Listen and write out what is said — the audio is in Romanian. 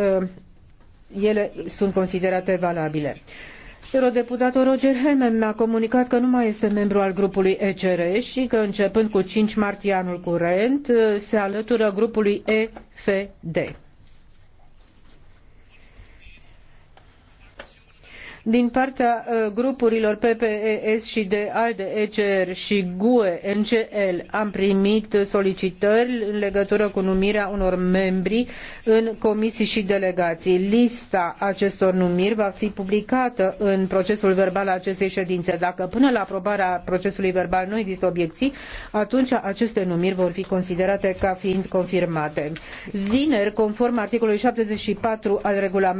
Uh, ele sunt considerate valabile. Eurodeputatul Roger Helmen mi-a comunicat că nu mai este membru al grupului ECR și că începând cu 5 martie anul curent uh, se alătură grupului EFD. din partea uh, grupurilor PPES și de ALDE, ECR și GUE, NGL am primit solicitări în legătură cu numirea unor membri în comisii și delegații. Lista acestor numiri va fi publicată în procesul verbal al acestei ședințe. Dacă până la aprobarea procesului verbal nu există obiecții, atunci aceste numiri vor fi considerate ca fiind confirmate. Vineri, conform articolului 74 al regulamentului,